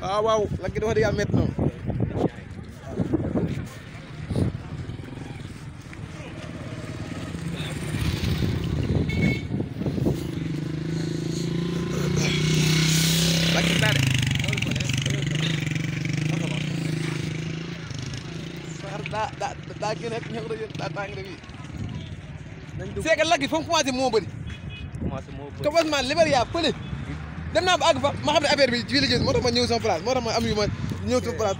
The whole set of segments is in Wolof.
Ah wow, lagi Lagi waaw waaw tak ɗo kadi yam metno laggittaɗe ɗa guene ñewɗo lagi? ɗa tangre wi seega laggi fof commencé moɓoni commencement ya, pele dem naa ba àgg fa ma xam ne affaire bi fii la jëm moo tax ma ñëw sama place moo tax ma am yu ma ñëw sama place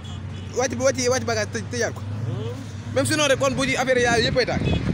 wàcc wàcc wàcc bagage te te yàgg ko hmm. même sinon rek kon bu ñu affaire yaayu yëppay